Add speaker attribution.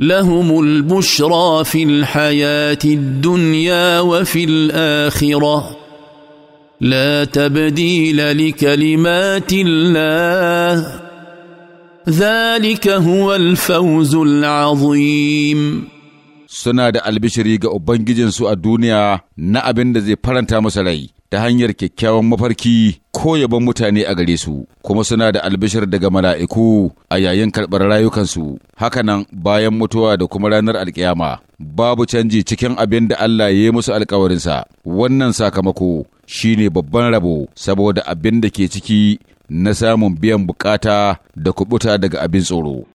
Speaker 1: لهم البشرى في الحياه الدنيا وفي الاخره لا تبديل لكلمات الله ذلك هو الفوز
Speaker 2: العظيم suna da albishiri ga Ubangijinsu a duniya na abin da zai faranta masa rai. ta hanyar kyakkyawan mafarki ko yabon mutane a gare su kuma suna da albishir daga mala'iku a yayin karɓar rayukansu hakanan bayan mutuwa da kuma ranar alkiyama babu canji cikin abin da Allah ya yi musu alkawarinsa wannan sakamako shine babban rabo saboda abin da ke ciki na samun biyan bukata da kubuta daga abin tsoro